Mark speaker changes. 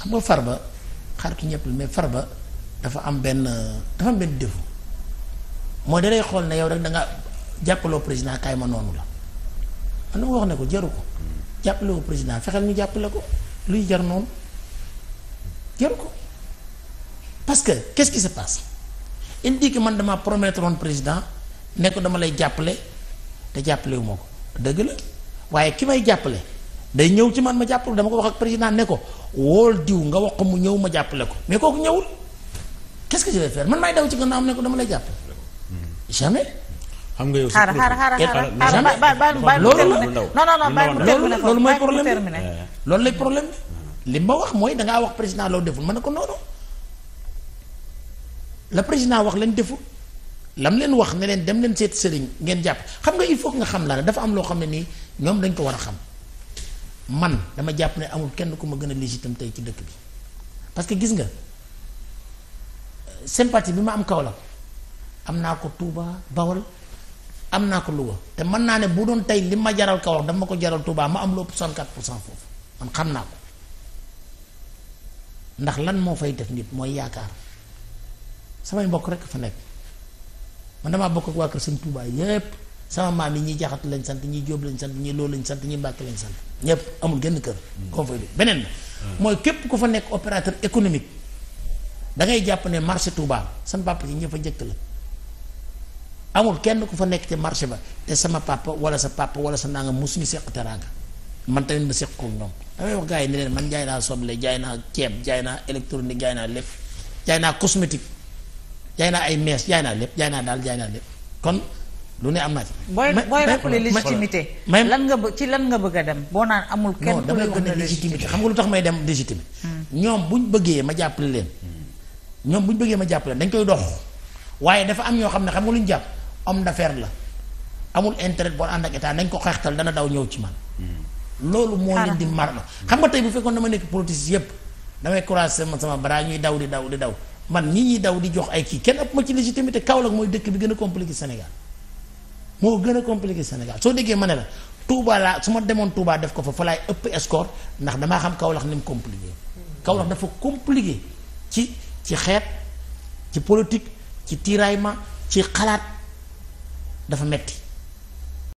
Speaker 1: xam nga Farba xaritu ñëpp mais Farba dafa am benn dafa am benn défaut mooy da xool na yow rek da nga jàppaloo président kaay ma noonu la man ma wax ne ko jaru ko jàppale président fexeel ñu jàppale ko luy jar noonu jaru ko parce que qu'est-ce qui se passe il que man dama promettre woon président ne ko dama lay jàppale te jàppale ma ko dëgg la waaye ki may jàppale day ñëw ci man ma jàppale dama ko wax ak président ne ko wool diw nga wax ko mu ñëw ma jàppale ko mais kooku ñëwul quest que je vais faire man maay daw ci gën a am ne ko dama lay jàppale jamais. xam nga yow xaaral xaaral xaaral xaaral loolu la non non non bàyyi mu terminé ko loolu mooy problème bi loolu lay problème bi li ma wax mooy dangaa wax président loo deful ma ne ko non la président wax lañ deful lam leen wax ne leen dem leen seeti sëriñ ngeen jàpp xam nga il faut nga xam la dafa am loo xam ne nii ñoom dañ ko war a xam man dama jàpp ne amul kenn ku ma gën a légitime tey ci dëkk bi parce que gis nga euh, sympathie bi ma am kaw la am naa ko Touba Bawol am naa ko Louga te mën naa ne bu doon tey li ma jaral Kaolack ma ko jaral Touba ma am lu ëpp 64 pour cent foofu man xam naa ko ndax lan moo fay def nit mooy yaakaar samay mbokk rekk fa nekk man damaa bokk ak waa kër sëñ Touba yépp sama maam yi ñi jaxat lañ sant ñi jóob lañ sant ñi loolu lañ sant ñi mbàkk lañ sant ñëpp amul genn kër convoy beneen mooy képp ku fa nekk opérateur économique da ngay jàpp ne marché Touba san papa ci ñëpp a njëkk la amul kenn ku fa nekk ci marché ba te sama papa wala sa papa wala sa nangam mosuñu seq teraanga man tamit ma seq koog ñoom damay wax gars yi ne leen man jaay naa soble jaay naa ceeb jaay naa électronique jaay naa lépp jaay naa cosmétique jaay naa ay mees jaay naa lépp jaay naa daal jaay naa lépp lu ne am naa ci. booy booy rappelé légitimité. lan nga ci lan nga bëgg a dem. boo naan amul kenn ku ne légitimité xam nga lu tax may dem légitimité. Hmm. ñoom bu ñu bëggee ma jàppale leen. ñoom bu ñu bëggee ma jàppale leen dañ koy dox. waaye dafa am ñoo xam ne xam nga lu ñu jàpp homme d'affaires la amul intérêt boo ànd ak état nañ ko xeextal dana daw ñëw ci man. Hmm. loolu moo leen di mar la xam nga tey bu fekkoon dama nekk politique yépp damay croiser sama sama bara ñuy daw di daw di daw man ñii ñuy daw di jox ay kii kenn ëpp ci légitimité Kaolack mooy dëkk bi gën a compliqué Sénégal moo gën a compliqué Sénégal soo déggee ma ne la Touba laa su ma demoon Touba def ko fa fa laay ëpp escort ndax damaa xam Kaolack ni mu compliqué. Kaolack dafa compliqué ci ci xeet ci politique ci tiraillement ci xalaat dafa metti